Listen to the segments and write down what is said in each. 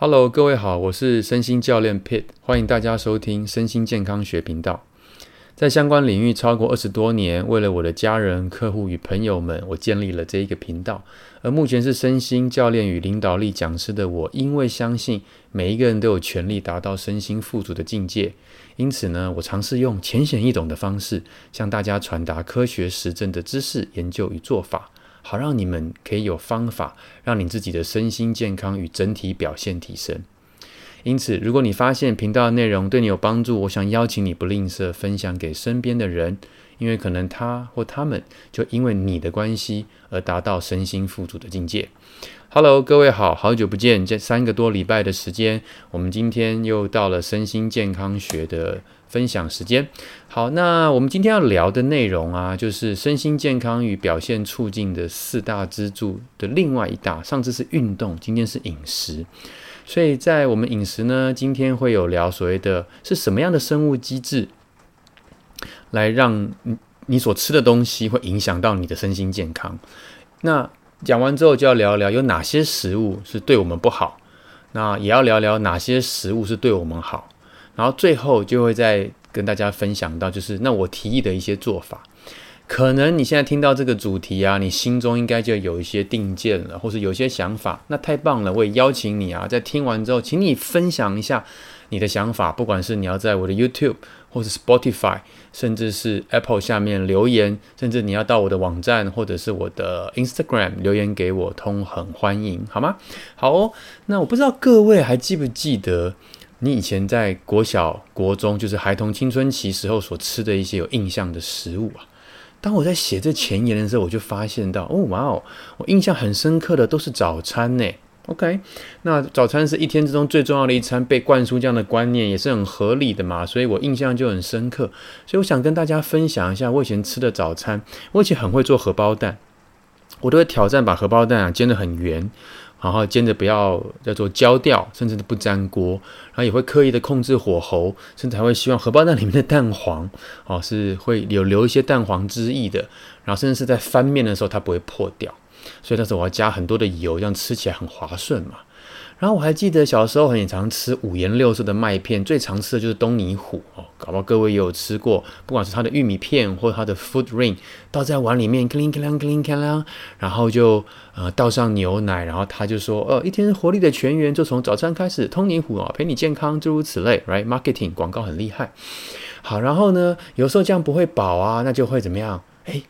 Hello，各位好，我是身心教練 Pit，歡迎大家收聽身心健康學頻道。在相關領域超過二十多年，為了我的家人、客戶與朋友們，我建立了這一個頻道。而目前是身心教練與領導力講師的我，因為相信每一個人都有權利達到身心富足的境界。因此呢，我嘗試用淺顯易懂的方式，向大家傳達科學實證的知識、研究與做法。好讓你們可以有方法，讓你自己的身心健康與整體表現提升。因此，如果你發現頻道的內容對你有幫助，我想邀請你不吝嗇分享給身邊的人，因為可能他或他們就因為你的關係而達到身心富足的境界。Hello，各位好，好久不見！這三個多禮拜的時間，我們今天又到了身心健康學的分享時間，好，那我們今天要聊的內容啊，就是身心健康與表現促進的四大支柱的另外一大，上次是運動，今天是飲食，所以在我們飲食呢，今天會有聊所謂的是什麼樣的生物機製來讓你你所吃的東西會影響到你的身心健康。那講完之後，就要聊聊有哪些食物是對我們不好，那也要聊聊哪些食物是對我們好。然後最後就會再跟大家分享到，就是那我提議的一些做法，可能你現在聽到這個主題啊，你心中應該就有一些定見了，或是有些想法。那太棒了，我也邀請你啊，在聽完之後，請你分享一下你的想法，不管是你要在我的 YouTube，或是 Spotify，甚至是 Apple 下面留言，甚至你要到我的網站或者是我的 Instagram 留言給我，都很歡迎，好嗎？好哦，那我不知道各位還記不記得。你以前在國小、國中，就是孩童、青春期時候所吃的一些有印象的食物啊。當我在寫這前言的時候，我就發現到，哦，哇哦，我印象很深刻的都是早餐呢。OK，那早餐是一天之中最重要的一餐，被灌輸這樣的觀念也是很合理的嘛，所以我印象就很深刻。所以我想跟大家分享一下我以前吃的早餐。我以前很會做荷包蛋，我都會挑戰把荷包蛋啊煎得很圓。然後煎，的不要叫做焦掉，甚至都不粘鍋，然後也會刻意的控制火候，甚至還會希望荷包蛋裡面的蛋黃，哦，是會有留一些蛋黃汁液的，然後甚至是在翻面的時候它不會破掉，所以那時候我要加很多的油，這樣吃起來很滑順嘛。然後我還記得小時候很常吃五顏六色的麥片，最常吃的就是東尼虎哦，搞不好各位也有吃過。不管是它的玉米片或它的 food ring，倒在碗裡面 clink clink clink clink，然後就呃倒上牛奶，然後他就說，哦，一天活力的全員就從早餐開始，東尼虎哦，陪你健康，諸如此類，right marketing 廣告很厲害。好，然後呢，有時候這樣不會飽啊，那就會怎麼樣？哎。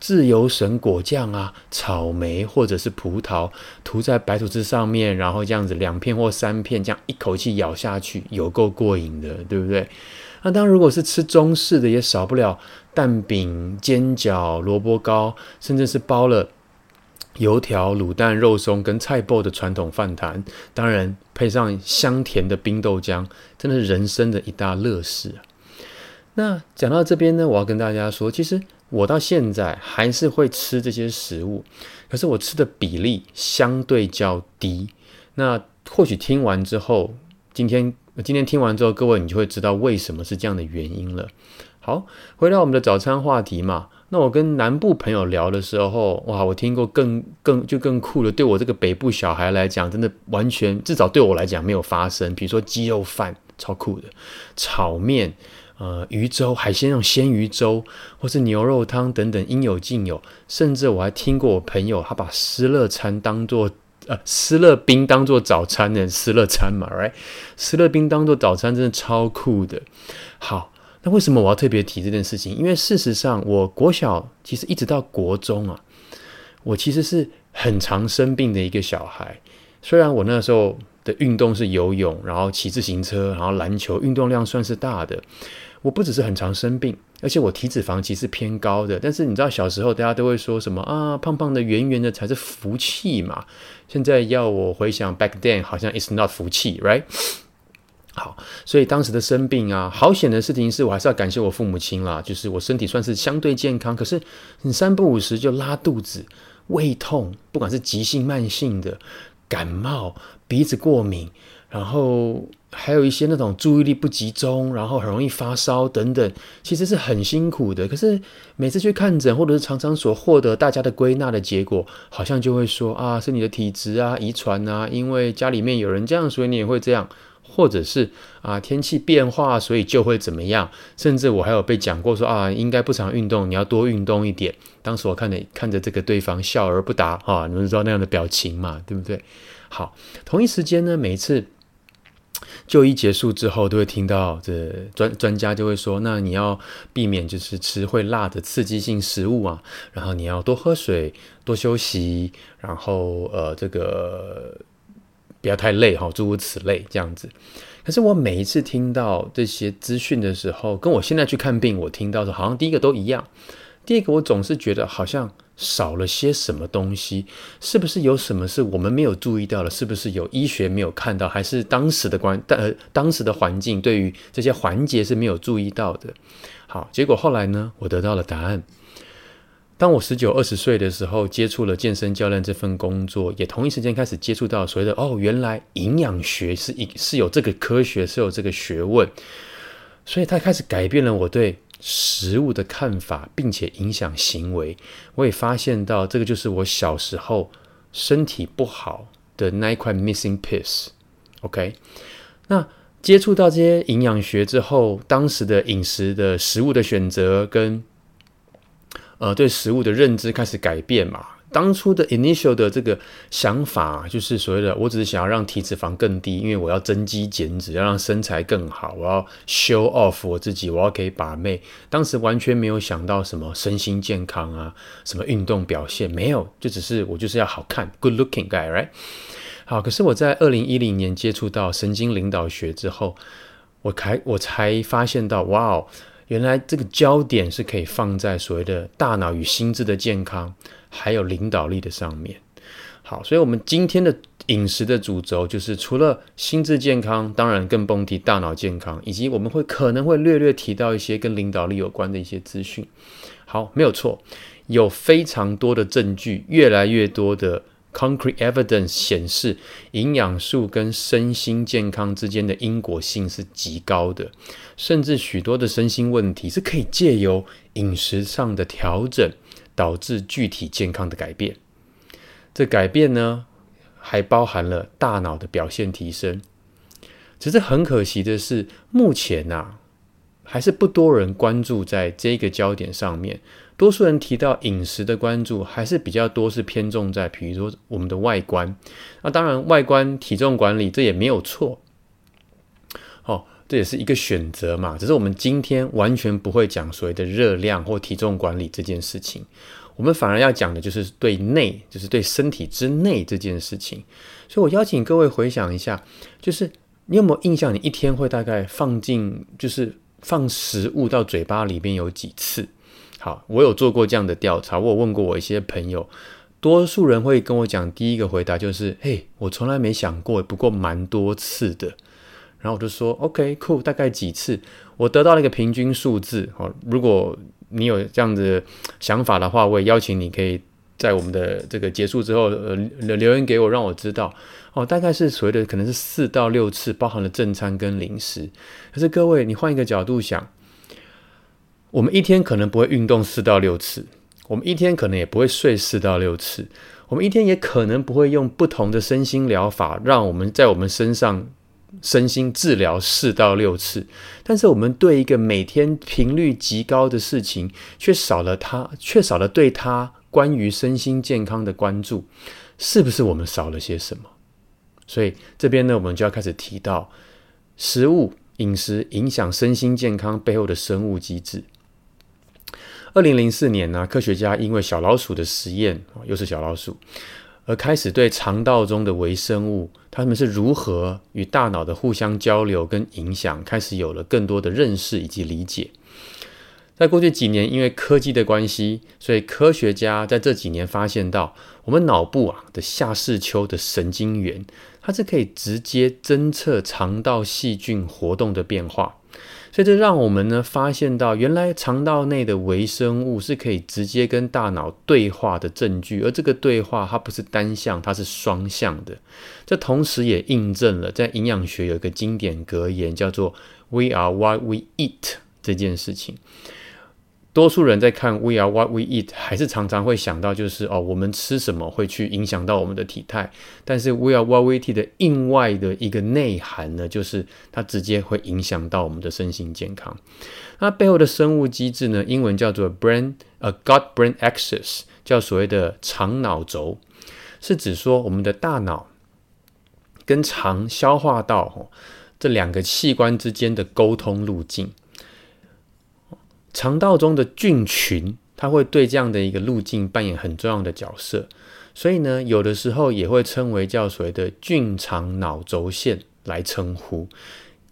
自由神果醬啊，草莓或者是葡萄塗在白吐司上面，然後這樣子兩片或三片，這樣一口氣咬下去，有夠過癮的，對不對？那當然，如果是吃中式的，也少不了蛋餅、煎餃、蘿蔔糕，甚至是包了油條、滷蛋、肉鬆跟菜脯的傳統飯糰，當然配上香甜的冰豆漿，真的是人生的一大樂事啊！那講到這邊呢，我要跟大家說，其實。我到現在還是會吃這些食物，可是我吃的比例相對較低。那或許聽完之後，今天今天聽完之後，各位你就會知道為什麼是這樣的原因了。好，回到我們的早餐話題嘛。那我跟南部朋友聊的時候，哇，我聽過更更就更酷的，對我這個北部小孩來講，真的完全至少對我來講沒有發生。比如說雞肉飯，超酷的，炒麵。呃，魚粥、海鮮那種鮮魚粥，或是牛肉湯等等，應有盡有。甚至我還聽過我朋友，他把思樂餐當做呃思樂冰當做早餐的思樂餐嘛，right？思樂冰當做早餐真的超酷的。好，那為什麼我要特別提這件事情？因為事實上，我國小其實一直到國中啊，我其實是很常生病的一個小孩。雖然我那時候。的運動是游泳，然後騎自行車，然後籃球，運動量算是大的。我不只是很常生病，而且我體脂肪其實偏高的。但是你知道小時候大家都會說什麼啊，胖胖的、圓圓的才是福氣嘛。現在要我回想 back then，好像 it's not 福氣，right？好，所以當時的生病啊，好險的事情是，我還是要感謝我父母親啦，就是我身體算是相對健康。可是你三不五時就拉肚子、胃痛，不管是急性、慢性的。感冒、鼻子過敏，然後還有一些那種注意力不集中，然後很容易發燒等等，其實是很辛苦的。可是每次去看診，或者是常常所獲得大家的歸納的結果，好像就會說啊，是你的體質啊，遺傳啊，因為家裡面有人這樣，所以你也會這樣。或者是啊，天氣變化，所以就會怎麼樣？甚至我還有被講過說啊，應該不常運動，你要多運動一點。當時我看著看着這個對方笑而不答啊，你們知道那樣的表情嘛？對不對？好，同一時間呢，每次就醫結束之後，都會聽到這專專家就會說，那你要避免就是吃會辣的刺激性食物啊，然後你要多喝水，多休息，然後呃，這個。不要太累哈，諸如此類這樣子。可是我每一次聽到這些資訊的時候，跟我現在去看病，我聽到的好像第一個都一樣。第一個我總是覺得好像少了些什麼東西，是不是有什麼是我們沒有注意到了？是不是有醫學沒有看到，還是當時的關，但呃當時的環境對於這些環節是沒有注意到的？好，結果後來呢，我得到了答案。當我十九二十歲的時候，接觸了健身教練這份工作，也同一時間開始接觸到所謂的“哦，原來營養學是一是有這個科學，是有這個學問”，所以它開始改變了我對食物的看法，並且影響行為。我也發現到這個就是我小時候身體不好的那一塊 missing piece。OK，那接觸到這些營養學之後，當時的飲食的食物的選擇跟。呃，對食物的認知開始改變嘛。當初的 initial 的這個想法啊，就是所謂的，我只是想要讓體脂肪更低，因為我要增肌減脂，要讓身材更好，我要 show off 我自己，我要可以把妹。當時完全沒有想到什麼身心健康啊，什麼運動表現沒有，就只是我就是要好看，good looking guy，right？好，可是我在二零一零年接觸到神經領導學之後，我開我才發現到，哇哦！原來這個焦點，是可以放在所謂的大腦與心智的健康，還有領導力的上面。好，所以，我們今天的飲食的主軸就是除了心智健康，當然更甭提大腦健康，以及我們會可能會略略提到一些跟領導力有關的一些資訊。好，沒有錯，有非常多的證據，越來越多的。Concrete evidence 顯示，營養素跟身心健康之間的因果性是極高的，甚至許多的身心問題是可以借由飲食上的調整，導致具體健康的改變。這改變呢，還包含了大腦的表現提升。只是很可惜的是，目前吶，還是不多人關注在這個焦點上面。多數人提到飲食的關注，還是比較多是偏重在，比如說我們的外觀。那當然，外觀、體重管理這也沒有錯，哦，這也是一個選擇嘛。只是我們今天完全不會講所謂的熱量或體重管理這件事情，我們反而要講的就是對內，就是對身體之內這件事情。所以，我邀請各位回想一下，就是你有沒有印象，你一天會大概放進，就是放食物到嘴巴裡邊有幾次？好，我有做過這樣的調查，我有問過我一些朋友，多數人會跟我講，第一個回答就是，嘿，我從來沒想過，不過蠻多次的。然後我就說，OK，cool，OK，大概幾次？我得到了一個平均數字。好，哦，如果你有這樣的想法的話，我也邀請你可以在我們的這個結束之後，呃，留言給我，讓我知道。哦，大概是所謂的可能是四到六次，包含了正餐跟零食。可是各位，你換一個角度想。我們一天可能不會運動四到六次，我們一天可能也不會睡四到六次，我們一天也可能不會用不同的身心療法，讓我們在我們身上身心治療四到六次。但是，我們對一個每天頻率極高的事情，卻少了它，卻少了對它關於身心健康的關注，是不是我們少了些什麼？所以，這邊呢，我們就要開始提到食物、飲食影響身心健康背後的生物機制。二零零四年呢，科學家因為小老鼠的實驗，又是小老鼠，而開始對腸道中的微生物，他們是如何與大腦的互相交流跟影響，開始有了更多的認識以及理解。在過去幾年，因為科技的關係，所以科學家在這幾年發現到，我們腦部啊的下視丘的神經元，它是可以直接偵測腸道細菌活動的變化。所以這讓我們呢發現到，原來腸道內的微生物是可以直接跟大腦對話的證據，而這個對話它不是單向，它是雙向的。這同時也印證了，在營養學有一個經典格言，叫做 “We are what we eat” 這件事情。多數人在看 We Are What We Eat，還是常常會想到，就是哦，我們吃什麼會去影響到我們的體態。但是 We Are What We Eat 的另外的一個內涵呢，就是它直接會影響到我們的身心健康。那背後的生物機制呢，英文叫做 Brain, 呃、Gut、Brain 呃 Gut Brain Axis，叫所謂的腸腦軸，是指說我們的大腦跟腸消化道、哦、這兩個器官之間的溝通路徑。腸道中的菌群，它會對這樣的一個路徑扮演很重要的角色，所以呢，有的時候也會稱為叫所謂的“菌腸腦軸線”來稱呼。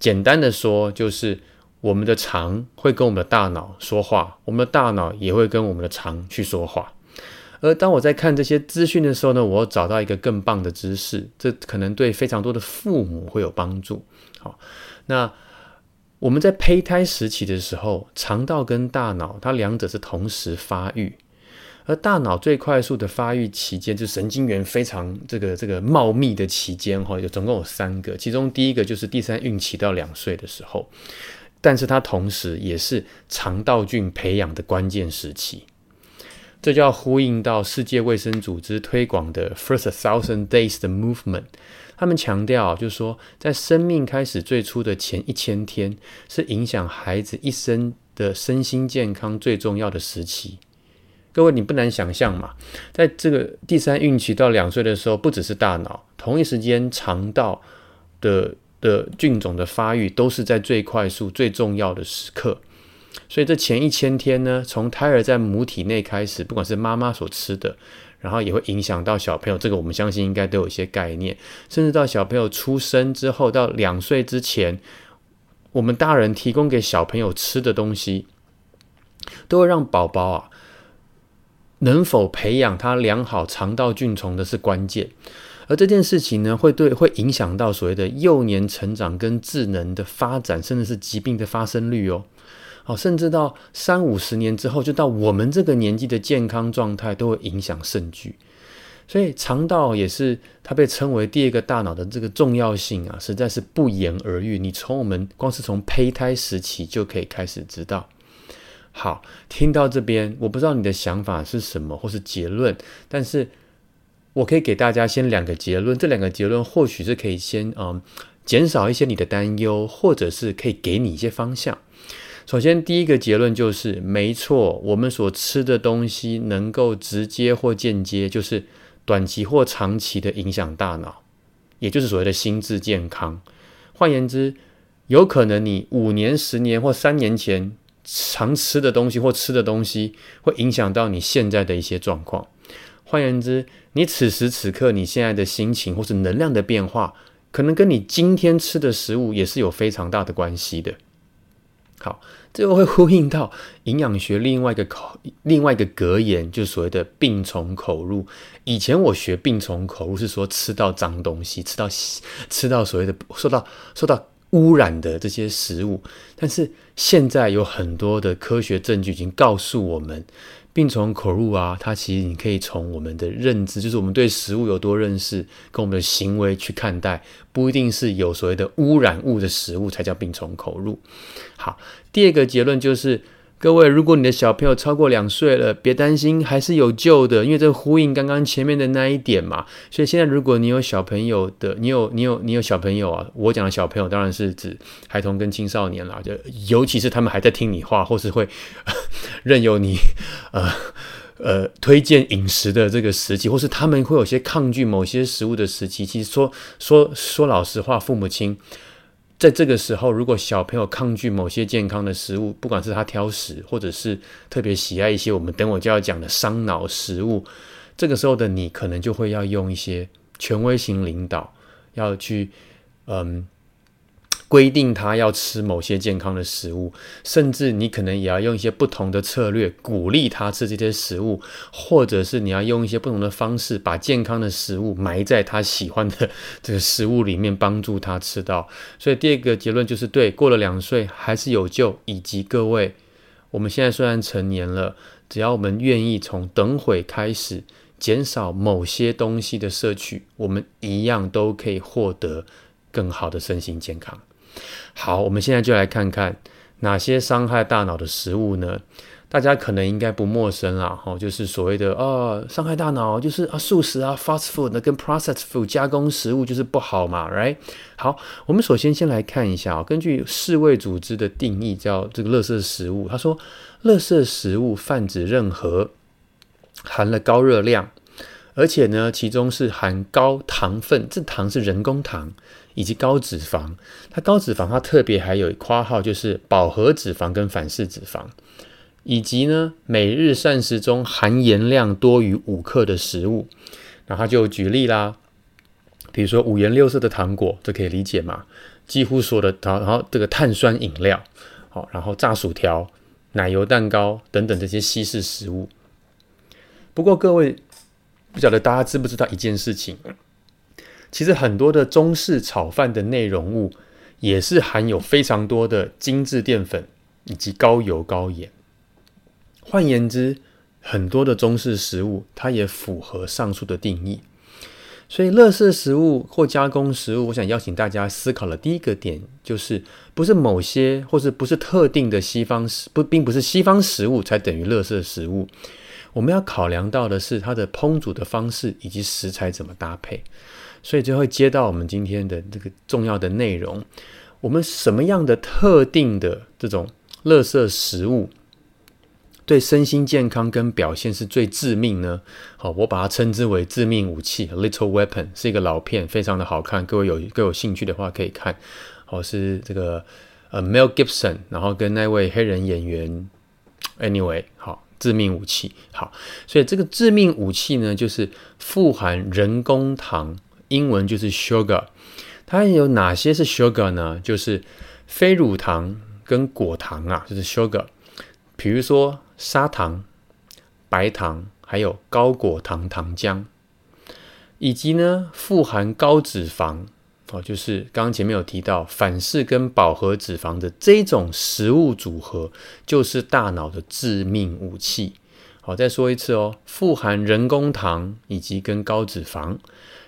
簡單的說，就是我們的腸會跟我們的大腦說話，我們的大腦也會跟我們的腸去說話。而當我在看這些資訊的時候呢，我找到一個更棒的知識，這可能對非常多的父母會有幫助。好，那。我們在胚胎時期的時候，腸道跟大腦它兩者是同時發育，而大腦最快速的發育期間，就是神經元非常這個這個茂密的期間哈，有、哦、總共有三個，其中第一個就是第三孕期到兩歲的時候，但是它同時也是腸道菌培養的關鍵時期，這就要呼應到世界衛生組織推廣的 First Thousand Days 的 Movement。他們強調，就是說，在生命開始最初的前一千天，是影響孩子一生的身心健康最重要的時期。各位，你不難想象嘛，在這個第三孕期到兩歲的時候，不只是大腦，同一時間腸道的的菌種的發育，都是在最快速、最重要的時刻。所以，這前一千天呢，從胎兒在母體內開始，不管是媽媽所吃的。然後也會影響到小朋友，這個我們相信應該都有一些概念，甚至到小朋友出生之後到兩歲之前，我們大人提供給小朋友吃的東西，都會讓寶寶啊能否培養他良好腸道菌叢的是關鍵，而這件事情呢，會對會影響到所謂的幼年成長跟智能的發展，甚至是疾病的發生率哦。甚至到三五十年之後，就到我們這個年紀的健康狀態都會影響甚巨，所以腸道也是它被稱為第二個大腦的這個重要性啊，實在是不言而喻。你從我們光是從胚胎時期就可以開始知道。好，聽到這邊，我不知道你的想法是什麼或是結論，但是我可以給大家先兩個結論，這兩個結論或許是可以先嗯、啊、減少一些你的擔憂，或者是可以給你一些方向。首先，第一個結論就是沒錯，我們所吃的東西能夠直接或間接，就是短期或長期的影響大腦，也就是所謂的心智健康。換言之，有可能你五年、十年或三年前常吃的東西或吃的東西，會影響到你現在的一些狀況。換言之，你此時此刻，你現在的心情或是能量的變化，可能跟你今天吃的食物也是有非常大的關係的。好。這個會呼應到營養學另外一個口，另外一個格言，就是所謂的“病從口入”。以前我學“病從口入”是說吃到髒東西，吃到，吃到所謂的受到，受到汙染的這些食物，但是現在有很多的科學證據已經告訴我們。病從口入啊，它其實你可以從我們的認知，就是我們對食物有多認識，跟我們的行為去看待，不一定是有所謂的污染物的食物才叫病從口入。好，第二個結論就是，各位，如果你的小朋友超過兩歲了，別擔心，還是有救的，因為這呼應剛剛前面的那一點嘛。所以現在，如果你有小朋友的，你有你有你有小朋友啊，我講的小朋友當然是指孩童跟青少年啦，就尤其是他們還在聽你話，或是會任由你呃呃推薦飲食的這個時期，或是他們會有些抗拒某些食物的時期。其實說說說老實話，父母親。在這個時候，如果小朋友抗拒某些健康的食物，不管是他挑食，或者是特別喜愛一些我們等會就要講的傷腦食物，這個時候的你可能就會要用一些權威型領導，要去嗯。規定他要吃某些健康的食物，甚至你可能也要用一些不同的策略鼓勵他吃這些食物，或者是你要用一些不同的方式把健康的食物埋在他喜歡的這個食物裡面，幫助他吃到。所以，第二個結論就是，對，過了兩歲還是有救。以及各位，我們現在雖然成年了，只要我們願意從等會開始減少某些東西的攝取，我們一樣都可以獲得。更好的身心健康。好，我們現在就來看看哪些傷害大腦的食物呢？大家可能應該不陌生啦、啊、哈、哦，就是所謂的啊、哦，傷害大腦就是啊，速食啊，fast food 那跟 processed food 加工食物就是不好嘛，right？好，我們首先先來看一下啊、哦，根據世衛組織的定義，叫這個垃圾食物。他說，垃圾食物泛指任何含了高熱量。而且呢，其中是含高糖分，這糖是人工糖，以及高脂肪。它高脂肪，它特別還有括號，就是飽和脂肪跟反式脂肪，以及呢，每日膳食中含鹽量多於五克的食物。那它就舉例啦，比如說五顏六色的糖果，這可以理解嘛？幾乎所有的糖，然後這個碳酸飲料，好，然後炸薯條、奶油蛋糕等等這些西式食物。不過各位。不曉得大家知不知道一件事情？其實很多的中式炒飯的內容物也是含有非常多的精致澱粉以及高油高鹽。換言之，很多的中式食物它也符合上述的定義。所以，垃圾食物或加工食物，我想邀請大家思考的第一個點就是：不是某些，或是不是特定的西方食不，並不是西方食物才等於垃圾食物。我們要考量到的是它的烹煮的方式以及食材怎麼搭配，所以就會接到我們今天的這個重要的內容。我們什麼樣的特定的這種垃圾食物對身心健康跟表現是最致命呢？好，我把它稱之為致命武器 （Lethal Weapon） 是一個老片，非常的好看。各位有，各位有興趣的話可以看。好，是這個呃，Mel Gibson，然後跟那位黑人演員，Anyway，好。致命武器，好，所以這個致命武器呢，就是富含人工糖，英文就是 sugar。它有哪些是 sugar 呢？就是非乳糖跟果糖啊，就是 sugar。比如說砂糖、白糖，還有高果糖糖漿，以及呢富含高脂肪。好、哦，就是剛剛前面有提到反式跟飽和脂肪的這種食物組合，就是大腦的致命武器。好、哦，再說一次哦，富含人工糖以及跟高脂肪，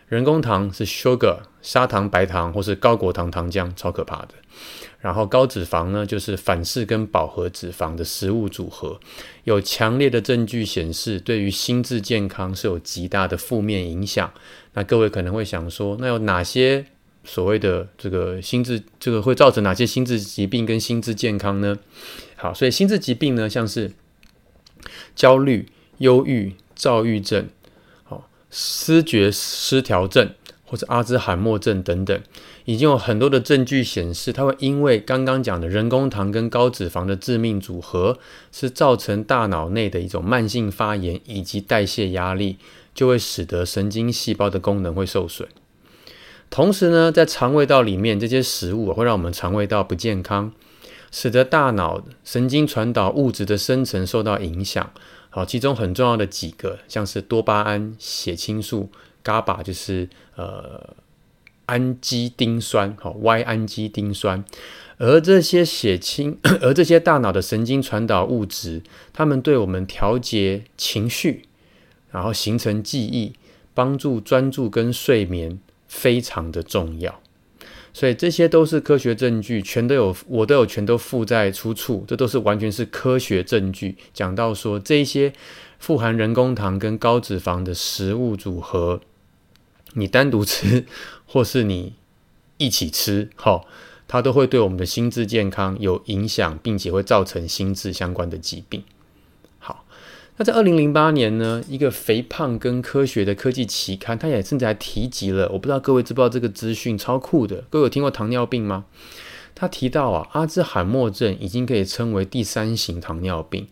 人工糖是 sugar 砂糖、白糖或是高果糖糖漿，超可怕的。然後高脂肪呢，就是反式跟飽和脂肪的食物組合，有強烈的證據顯示，對於心智健康是有極大的負面影響。那各位可能會想說，那有哪些？所謂的這個心智，這個會造成哪些心智疾病跟心智健康呢？好，所以心智疾病呢，像是焦慮、憂鬱、躁鬱症、好，思覺失調症或者阿茲海默症等等，已經有很多的證據顯示，它會因為剛剛講的人工糖跟高脂肪的致命組合，是造成大腦內的一種慢性發炎以及代謝壓力，就會使得神經細胞的功能會受損。同時呢，在腸胃道裡面，這些食物會讓我們腸胃道不健康，使得大腦神經傳導物質的生成受到影響。好，其中很重要的幾個，像是多巴胺、血清素、GABA，就是呃氨基丁酸，好，Y 氨基丁酸。而這些血清，而這些大腦的神經傳導物質，它們對我們調節情緒，然後形成記憶，幫助專注跟睡眠。非常的重要，所以這些都是科學證據，全都有我都有，全都附在出處。這都是完全是科學證據，講到說這些富含人工糖跟高脂肪的食物組合，你單獨吃或是你一起吃，哈、哦，它都會對我們的心智健康有影響，並且會造成心智相關的疾病。那在二零零八年呢，一個肥胖跟科學的科技期刊，他也甚至還提及了，我不知道各位知不知道這個資訊超酷的。各位有聽過糖尿病嗎？他提到啊，阿茲海默症已經可以稱為第三型糖尿病，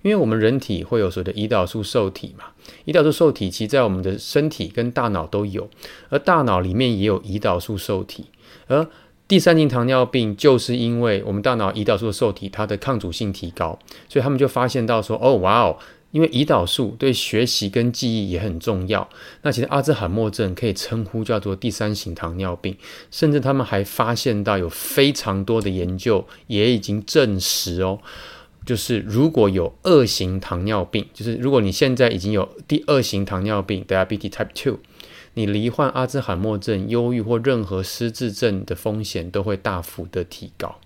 因為我們人體會有所謂的胰島素受體嘛，胰島素受體其實在我們的身體跟大腦都有，而大腦裡面也有胰島素受體，而第三型糖尿病就是因為我們大腦胰島素受體它的抗阻性提高，所以他們就發現到說，哦，哇哦。因為胰島素對學習跟記憶也很重要，那其實阿茲海默症可以稱呼叫做第三型糖尿病，甚至他們還發現到有非常多的研究也已經證實哦，就是如果有二型糖尿病，就是如果你現在已經有第二型糖尿病 （diabetes type two），你罹患阿茲海默症、憂鬱或任何失智症的風險都會大幅的提高。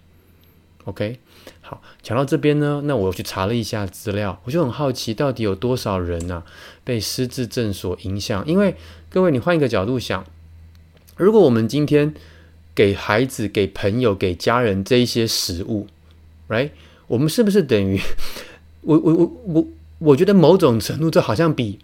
OK，好，講到這邊呢，那我去查了一下資料，我就很好奇，到底有多少人呢、啊、被失智症所影響？因為各位，你換一個角度想，如果我們今天給孩子、給朋友、給家人這一些食物，Right？我們是不是等於我、我、我、我？我覺得某種程度，這好像比。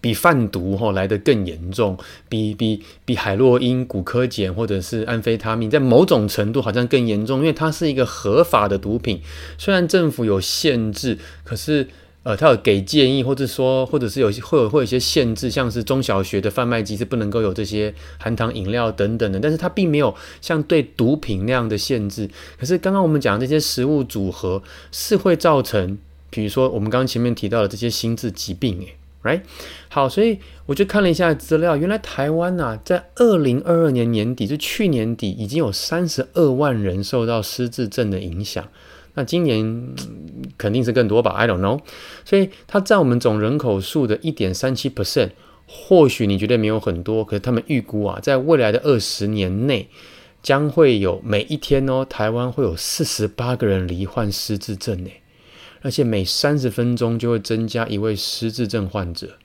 比販毒吼、哦、來得更嚴重，比比比海洛因、古柯鹼或者是安非他命，在某種程度好像更嚴重，因為它是一個合法的毒品，雖然政府有限制，可是呃，他有給建議，或者說，或者是有會有會有一些限制，像是中小學的販賣機是不能夠有這些含糖飲料等等的，但是它並沒有像對毒品那樣的限制。可是剛剛我們講的這些食物組合是會造成，比如說我們剛剛前面提到的這些心智疾病，哎，right? 好，所以我就看了一下資料，原來台灣吶、啊，在二零二二年年底，就去年底已經有三十二萬人受到失智症的影響。那今年肯定是更多吧？I don't know。所以它佔我們總人口數的一點三七 percent，或許你覺得沒有很多，可是他們預估啊，在未來的二十年內，將會有每一天哦，台灣會有四十八個人罹患失智症呢。而且每三十分鐘就會增加一位失智症患者。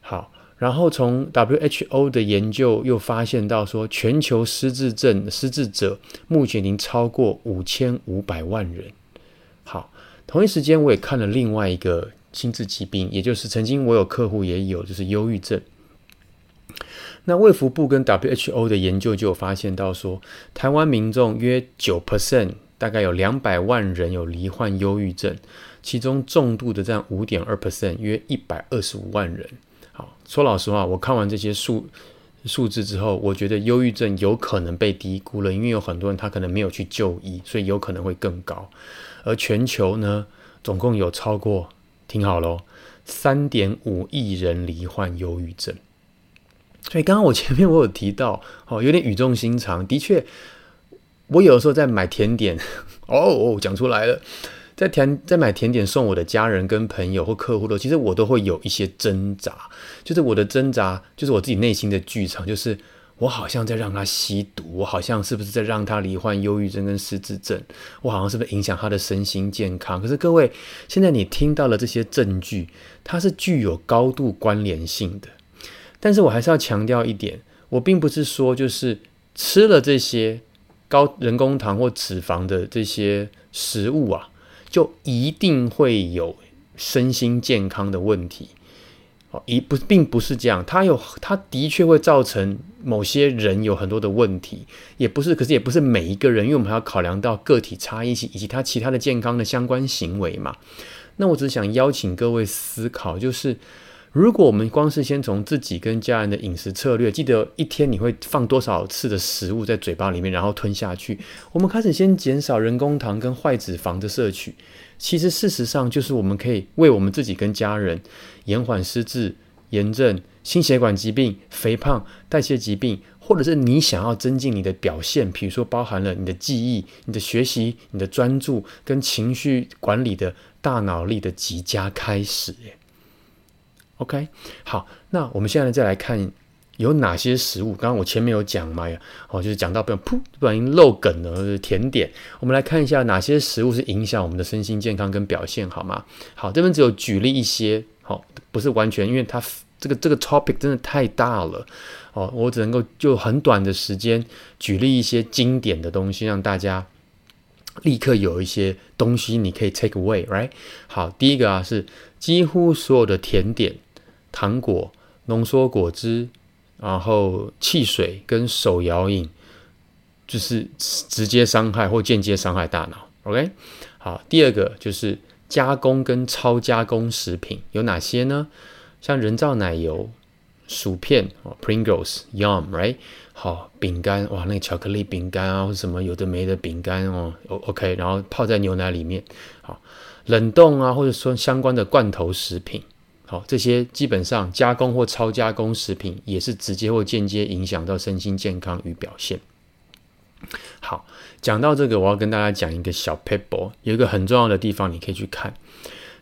好，然後從 WHO 的研究又發現到說，全球失智症失智者目前已經超過五千五百萬人。好，同一時間我也看了另外一個心智疾病，也就是曾經我有客戶也有，就是憂鬱症。那衛福部跟 WHO 的研究就發現到說，台灣民眾約九 percent。大概有兩百萬人有罹患憂鬱症，其中重度的占五點二 percent，約一百二十五萬人。好，說老實話，我看完這些數數字之後，我覺得憂鬱症有可能被低估了，因為有很多人他可能沒有去就醫，所以有可能會更高。而全球呢，總共有超過，聽好嘍，三點五億人罹患憂鬱症。所以剛剛我前面我有提到，好，有點語重心長，的確。我有時候在買甜點，哦，講出來了，在甜在買甜點送我的家人跟朋友或客戶的，其實我都會有一些掙扎，就是我的掙扎，就是我自己內心的劇場，就是我好像在讓他吸毒，我好像是不是在讓他罹患憂鬱症跟失智症，我好像是不是影響他的身心健康？可是各位，現在你聽到了這些證據，它是具有高度關聯性的，但是我還是要強調一點，我並不是說就是吃了這些。高人工糖或脂肪的這些食物啊，就一定會有身心健康的問題。哦，一不並不是這樣，它有它的確會造成某些人有很多的問題，也不是，可是也不是每一個人，因為我們還要考量到個體差異性以及他其他的健康的相關行為嘛。那我只想邀請各位思考，就是。如果我們光是先從自己跟家人的飲食策略，記得一天你會放多少次的食物在嘴巴裡面，然後吞下去。我們開始先減少人工糖跟壞脂肪的攝取，其實事實上就是我們可以為我們自己跟家人延緩失智、炎症、心血管疾病、肥胖、代謝疾病，或者是你想要增進你的表現，比如說包含了你的記憶、你的學習、你的專注跟情緒管理的大腦力的極佳開始，OK，好，那我們現在再來看有哪些食物。剛剛我前面有講嘛，有哦，就是講到不要噗，不小心漏梗了。就是、甜點，我們來看一下哪些食物是影響我們的身心健康跟表現，好嗎？好，這邊只有舉例一些，好、哦，不是完全，因為它這個這個 topic 真的太大了，哦，我只能夠就很短的時間舉例一些經典的東西，讓大家立刻有一些東西你可以 take away，right？好，第一個啊是幾乎所有的甜點。糖果、濃縮果汁，然後汽水跟手搖飲，就是直接傷害或間接傷害大腦。OK，好，第二個就是加工跟超加工食品有哪些呢？像人造奶油、薯片、oh, Pringles、Yum，Right？好，餅乾，哇，那巧克力餅乾啊，或什麼有的沒的餅乾哦。Oh，OK，然後泡在牛奶裡面，好，冷凍啊，或者說相關的罐頭食品。好，這些基本上加工或超加工食品也是直接或間接影響到身心健康與表現。好，講到這個，我要跟大家講一個小撇步，有一個很重要的地方，你可以去看，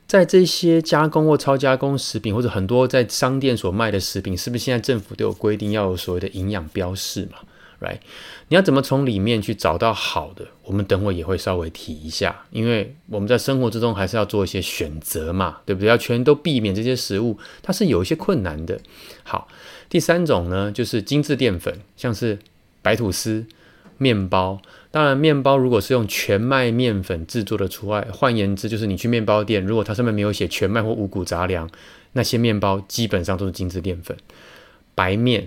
在這些加工或超加工食品，或者很多在商店所賣的食品，是不是現在政府都有規定要有所謂的營養標示嘛？right，你要怎麼從裡面去找到好的？我們等會也會稍微提一下，因為我們在生活之中還是要做一些選擇嘛，對不對？要全都避免這些食物，它是有一些困難的。好，第三種呢，就是精制澱粉，像是白吐司、麵包。當然，麵包如果是用全麥麵粉製作的除外。換言之，就是你去麵包店，如果它上面沒有寫全麥或五穀雜糧，那些麵包基本上都是精制澱粉，白麵、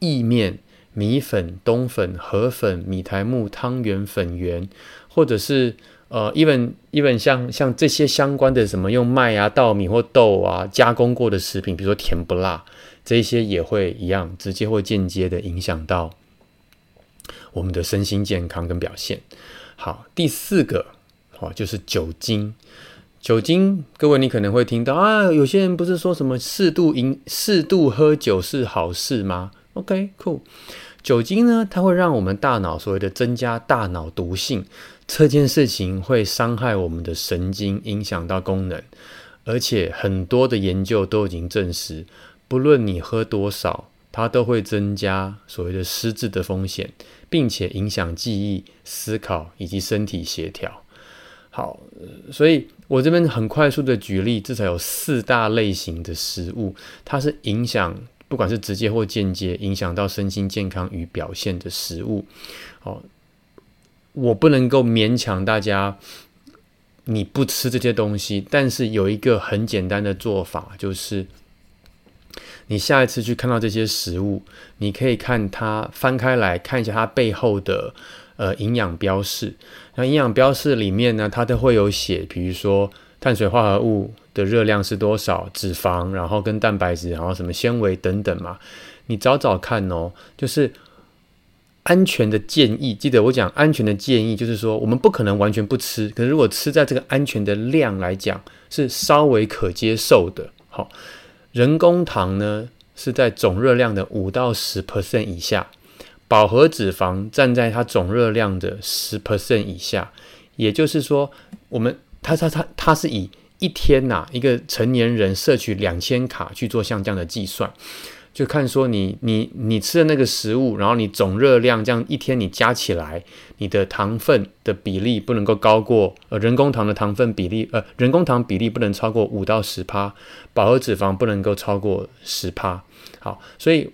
意麵。米粉、冬粉、河粉、米苔目、湯圓、粉圓，或者是呃，even even 像像這些相關的什麼用麥啊、稻米或豆啊加工過的食品，比如說甜不辣，這些也會一樣，直接或間接的影響到我們的身心健康跟表現。好，第四個好、哦、就是酒精，酒精，各位你可能會聽到啊，有些人不是說什麼適度飲、適度喝酒是好事嗎？OK，cool。Okay, cool 酒精呢，它會讓我們大腦所謂的增加大腦毒性，這件事情會傷害我們的神經，影響到功能，而且很多的研究都已經證實，不論你喝多少，它都會增加所謂的失智的風險，並且影響記憶、思考以及身體協調。好，所以我這邊很快速的舉例，至少有四大類型的食物，它是影響。不管是直接或間接影響到身心健康與表現的食物，哦，我不能夠勉強大家，你不吃這些東西。但是有一個很簡單的做法，就是你下一次去看到這些食物，你可以看它，翻開來看一下它背後的呃營養標示。那營養標示裡面呢，它都會有寫，比如說碳水化合物的熱量是多少？脂肪，然後跟蛋白質，然後什麼纖維等等嘛，你找找看哦。就是安全的建議，記得我講安全的建議，就是說我們不可能完全不吃，可是如果吃，在這個安全的量來講，是稍微可接受的。好、哦，人工糖呢是在總熱量的五到十 percent 以下，飽和脂肪站在它總熱量的十 percent 以下，也就是說，我們它它它它是以。一天吶、啊，一個成年人攝取兩千卡去做像這樣的計算，就看說你你你吃的那個食物，然後你總熱量這樣一天你加起來，你的糖分的比例不能夠高過呃人工糖的糖分比例，呃人工糖比例不能超過五到十趴，飽和脂肪不能夠超過十趴。好，所以。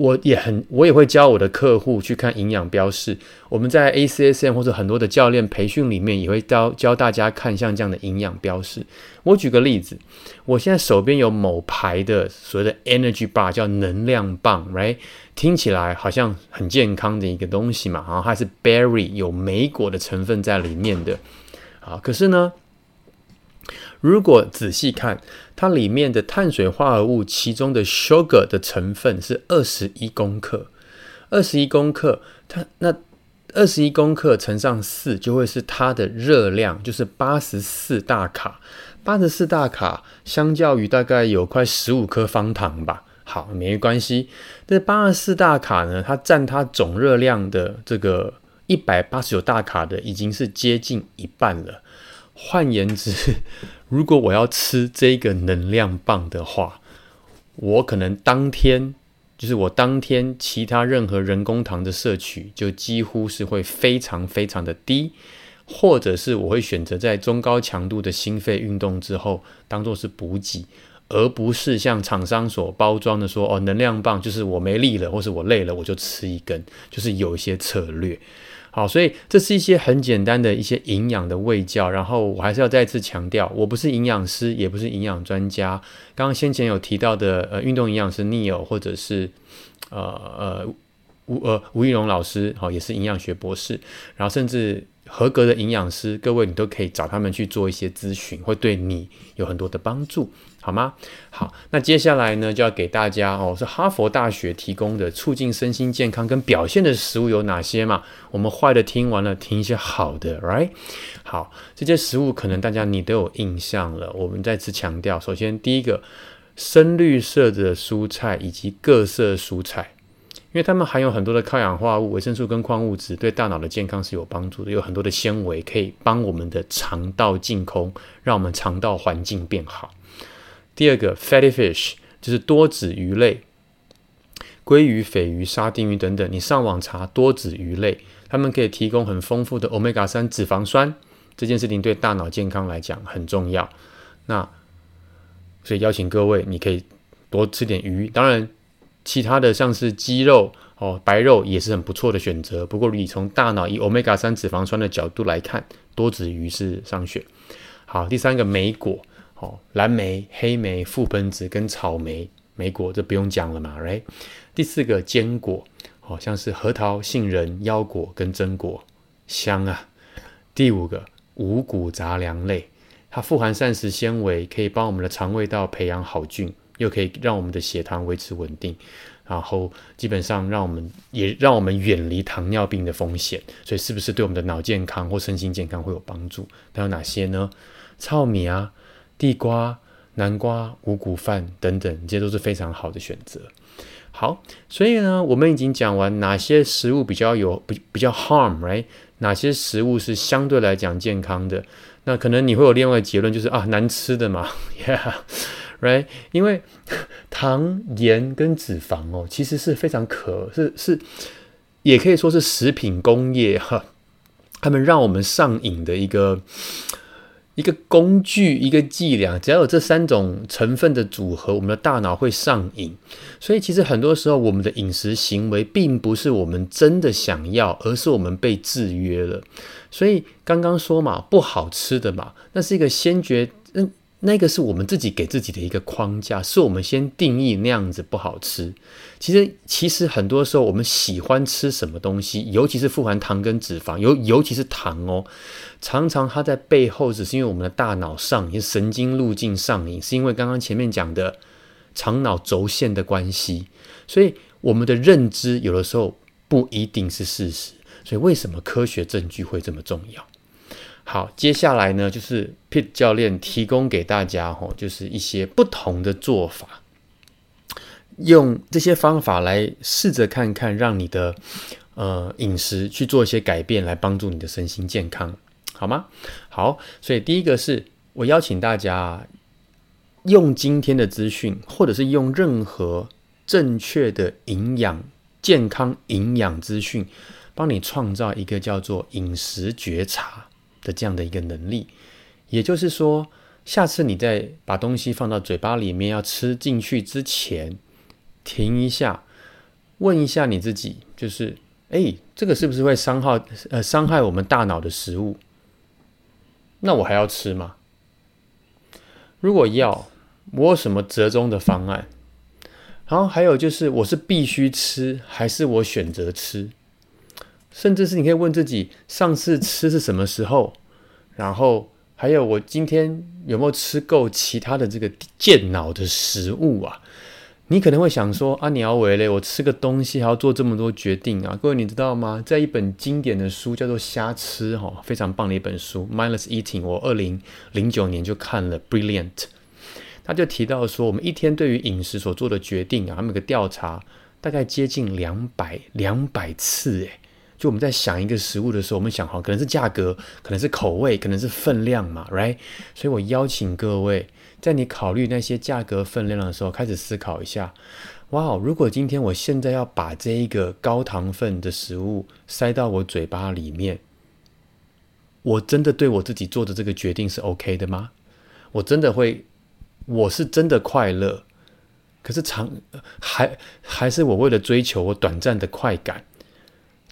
我也很，我也會教我的客戶去看營養標示。我們在 ACSM 或者很多的教練培訓裡面，也會教教大家看像這樣的營養標示。我舉個例子，我現在手邊有某牌的所謂的 energy bar，叫能量棒，right？聽起來好像很健康的一個東西嘛，然後它是 berry，有莓果的成分在裡面的，啊，可是呢？如果仔細看，它裡面的碳水化合物，其中的 sugar 的成分是二十一公克，二十一公克，它那二十一公克乘上四，就會是它的熱量，就是八十四大卡。八十四大卡，相較於大概有快十五顆方糖吧。好，沒關係。這八十四大卡呢，它占它總熱量的這個一百八十九大卡的，已經是接近一半了。換言之，如果我要吃這個能量棒的話，我可能當天就是我當天其他任何人工糖的攝取就幾乎是會非常非常的低，或者是我會選擇在中高強度的心肺運動之後當作是補給，而不是像廠商所包裝的說哦，能量棒就是我沒力了，或是我累了我就吃一根，就是有一些策略。好，所以這是一些很簡單的一些營養的衛教，然後我還是要再次強調，我不是營養師，也不是營養專家。剛剛先前有提到的，呃，運動營養師 Neil 或者是，呃呃吳呃吳玉龍老師，好、哦，也是營養學博士，然後甚至合格的營養師，各位你都可以找他們去做一些諮詢，會對你有很多的幫助。好嗎？好，那接下來呢，就要給大家哦，是哈佛大學提供的促進身心健康跟表現的食物有哪些嘛？我們壞的聽完了，聽一些好的，right？好，這些食物可能大家你都有印象了。我們再次強調，首先第一個，深綠色的蔬菜以及各色蔬菜，因為它們含有很多的抗氧化物、維生素跟礦物質，對大腦的健康是有幫助的。有很多的纖維可以幫我們的腸道淨空，讓我們腸道環境變好。第二個 fatty fish 就是多脂魚類，鮭魚、鯡魚、沙丁魚等等。你上網查多脂魚類，它們可以提供很豐富的 omega 三脂肪酸，這件事情對大腦健康來講很重要。那所以邀請各位，你可以多吃點魚。當然，其他的像是雞肉、哦，白肉也是很不錯的選擇。不過你從大腦以 omega 三脂肪酸的角度來看，多脂魚是上選。好，第三個莓果。哦，藍莓、黑莓、覆盆子跟草莓、莓果，這不用講了嘛，Right？第四個堅果，好、哦、像是核桃、杏仁、腰果跟榛果，香啊。第五個五谷雜糧類，它富含膳食纖維，可以幫我們的腸胃道培養好菌，又可以讓我們的血糖維持穩定，然後基本上讓我們也讓我們遠離糖尿病的風險。所以是不是對我們的腦健康或身心健康會有幫助？它有哪些呢？糙米啊。地瓜、南瓜、五穀飯等等，這些都是非常好的選擇。好，所以呢，我們已經講完哪些食物比較有比比較 harm，right？哪些食物是相對來講健康的。那可能你會有另外一個結論，就是啊，難吃的嘛，yeah，right？因為糖、鹽跟脂肪哦，其實是非常可，是是，也可以說是食品工業哈，他們讓我們上癮的一個。一個工具，一個劑量，只要有這三種成分的組合，我們的大腦會上癮。所以，其實很多時候我們的飲食行為，並不是我們真的想要，而是我們被制約了。所以，剛剛說嘛，不好吃的嘛，那是一個先決。那個是我們自己給自己的一個框架，是我們先定義那樣子不好吃。其實，其實很多時候我們喜歡吃什麼東西，尤其是富含糖跟脂肪，尤尤其是糖哦，常常它在背後只是因為我們的大腦上癮、是神經路徑上癮，是因為剛剛前面講的腸腦軸線的關係。所以，我們的認知有的時候不一定是事實。所以，為什麼科學證據會這麼重要？好，接下來呢，就是 Pete 教練提供給大家，哦，吼，就是一些不同的做法，用這些方法來試着看看，讓你的呃飲食去做一些改變，來幫助你的身心健康，好嗎？好，所以第一個是，我邀請大家用今天的資訊，或者是用任何正確的營養、健康營養資訊，幫你創造一個叫做飲食覺察。的這樣的一個能力，也就是說，下次你再把東西放到嘴巴裡面要吃進去之前，停一下，問一下你自己，就是，誒、欸，這個是不是會傷害呃傷害我們大腦的食物？那我還要吃嗎？如果要，我有什麼折中的方案？然後還有就是，我是必須吃還是我選擇吃？甚至是你可以問自己上次吃是什麼時候，然後還有，我今天有沒有吃夠其他的這個健腦的食物啊？你可能會想說啊，你要偉咧，我吃個東西還要做這麼多決定啊？各位你知道嗎？在一本經典的書叫做《瞎吃》哈、哦，非常棒的一本書《Mindless Eating》，我二零零九年就看了，Brilliant。他就提到說，我們一天對於飲食所做的決定啊，他們有個調查，大概接近兩百兩百次誒。就我們在想一個食物的時候，我們想好，好可能是價格，可能是口味，可能是分量嘛，right？所以我邀請各位，在你考慮那些價格、分量的時候，開始思考一下，哇，如果今天我現在要把這一個高糖分的食物塞到我嘴巴裡面，我真的對我自己做的這個決定是 OK 的嗎？我真的會，我是真的快樂？可是長，還還是我為了追求我短暫的快感？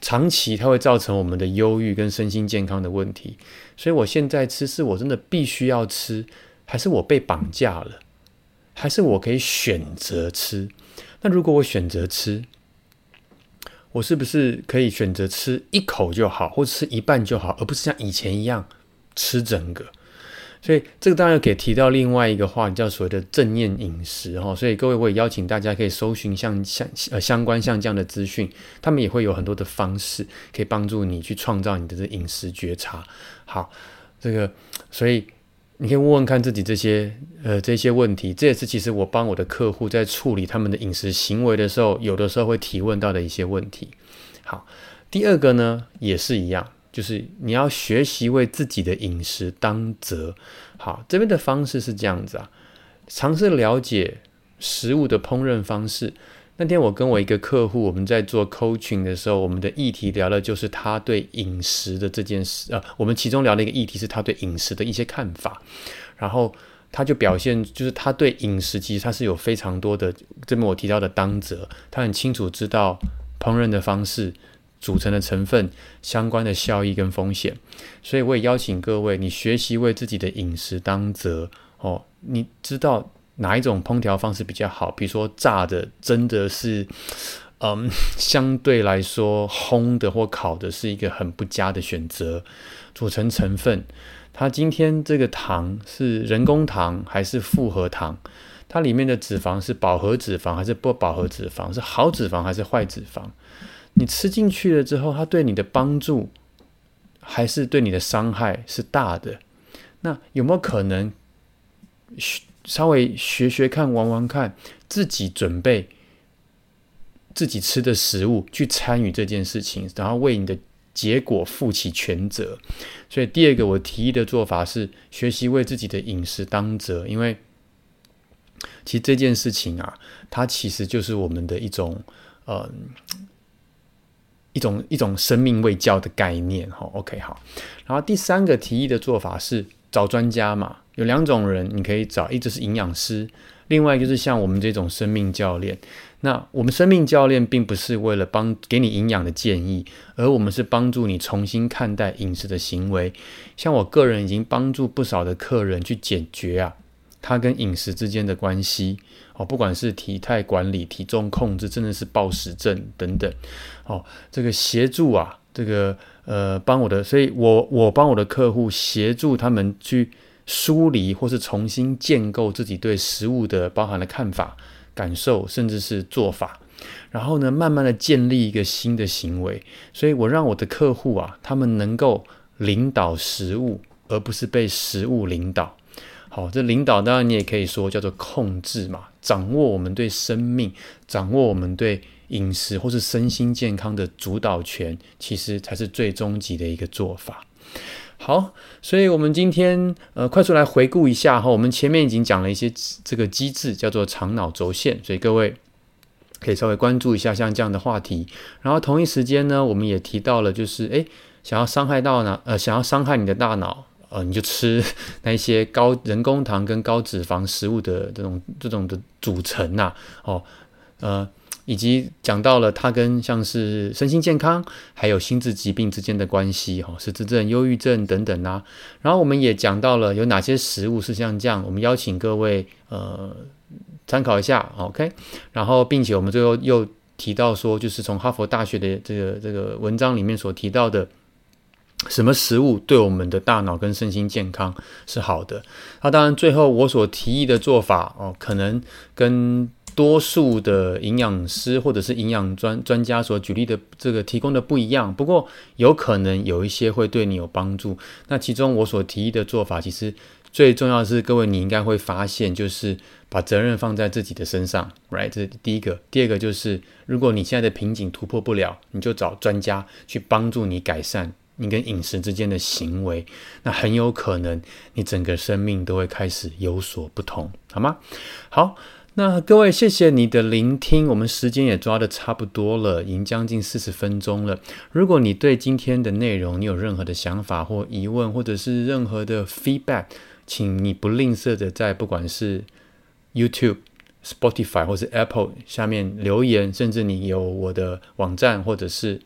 長期它會造成我們的憂鬱跟身心健康的問題，所以我現在吃是，我真的必須要吃，還是我被綁架了？還是我可以選擇吃？那如果我選擇吃，我是不是可以選擇吃一口就好，或吃一半就好，而不是像以前一樣吃整個？所以這個當然可以提到另外一個話，叫所謂的正念飲食哈。所以各位，我也邀請大家可以搜尋像像呃相關像這樣的資訊，他們也會有很多的方式可以幫助你去創造你的這飲食覺察。好，這個，所以你可以問問看自己這些呃這些問題，這也是其實我幫我的客戶在處理他們的飲食行為的時候，有的時候會提問到的一些問題。好，第二個呢也是一樣。就是你要學習為自己的飲食當責。好，這邊的方式是這樣子啊，嘗試了解食物的烹飪方式。那天我跟我一個客戶，我們在做 coaching 的時候，我們的議題聊了就是他對飲食的這件事啊、呃。我們其中聊的一個議題是他對飲食的一些看法，然後他就表現就是他對飲食其實他是有非常多的這邊我提到的當責，他很清楚知道烹飪的方式，組成的成分相關的效益跟風險，所以我也邀請各位，你學習為自己的飲食當責哦。你知道哪一種烹調方式比較好？比如說炸的真的是，嗯，相對來說，烘的、或烤的是一個很不佳的選擇。組成成分，它今天這個糖是人工糖還是複合糖？它裡面的脂肪是飽和脂肪還是不飽和脂肪？是好脂肪還是壞脂肪？你吃進去了之後，它對你的幫助還是對你的傷害是大的。那有沒有可能學稍微學學看、玩玩看，自己準備自己吃的食物去參與這件事情，然後為你的結果負起全責？所以，第二個我提議的做法是學習為自己的飲食當責，因為其實這件事情啊，它其實就是我們的一種嗯。呃一種一種生命衛教的概念，哈、哦，OK，好。然後第三個提議的做法是找專家嘛，有兩種人你可以找，一直是營養師，另外就是像我們這種生命教練。那我們生命教練並不是為了幫給你營養的建議，而我們是幫助你重新看待飲食的行為。像我個人已經幫助不少的客人去解決啊。它跟飲食之間的關係哦，不管是體態管理、體重控制，甚至是暴食症等等哦，這個協助啊，這個呃，幫我的，所以我我幫我的客戶協助他們去梳理或是重新建構自己對食物的包含的看法、感受，甚至是做法，然後呢，慢慢的建立一個新的行為，所以我讓我的客戶啊，他們能夠領導食物，而不是被食物領導。好，這領導當然你也可以說叫做控制嘛，掌握我們對生命、掌握我們對飲食或是身心健康的主導權，其實才是最終極的一個做法。好，所以我們今天，呃，快速來回顧一下哈，哦，我們前面已經講了一些這個機制，叫做腸腦軸線，所以各位可以稍微關注一下像這樣的話題。然後同一時間呢，我們也提到了就是，誒，想要傷害到哪，呃，想要傷害你的大腦。呃，你就吃那一些高人工糖跟高脂肪食物的這種這種的組成吶、啊，哦，呃，以及講到了它跟像是身心健康還有心智疾病之間的關係，哦，失智症、憂鬱症等等啊。然後我們也講到了有哪些食物是像這樣，我們邀請各位呃參考一下，OK。然後，並且我們最後又提到說，就是從哈佛大學的這個這個文章裡面所提到的。什麼食物對我們的大腦跟身心健康是好的？那、啊、當然，最後我所提議的做法哦，可能跟多數的營養師或者是營養專專家所舉例的這個提供的不一樣。不過，有可能有一些會對你有幫助。那其中我所提議的做法，其實最重要的是，各位你應該會發現，就是把責任放在自己的身上，right？這是第一個。第二個就是，如果你現在的瓶頸突破不了，你就找專家去幫助你改善。你跟飲食之間的行為，那很有可能你整個生命都會開始有所不同，好嗎？好，那各位，謝謝你的聆聽，我們時間也抓得差不多了，已經將近四十分鐘了。如果你對今天的內容你有任何的想法或疑問，或者是任何的 feedback，請你不吝嗇的在不管是 YouTube、Spotify 或是 Apple 下面留言，甚至你有我的網站或者是。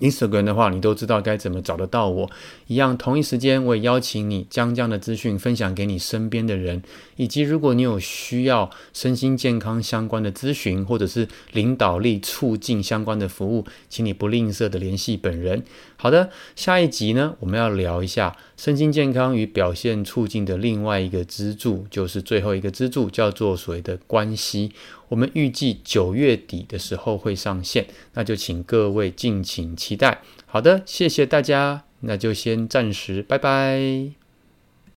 Instagram 的話，你都知道該怎麼找得到我。一樣，同一時間，我也邀請你將這樣的資訊分享給你身邊的人，以及如果你有需要身心健康相關的諮詢，或者是領導力促進相關的服務，請你不吝嗇的聯繫本人。好的，下一集呢，我們要聊一下。身心健康與表現促進的另外一個支柱，就是最後一個支柱，叫做所謂的關係。我們預計九月底的時候會上線，那就請各位敬請期待。好的，謝謝大家，那就先暫時拜拜。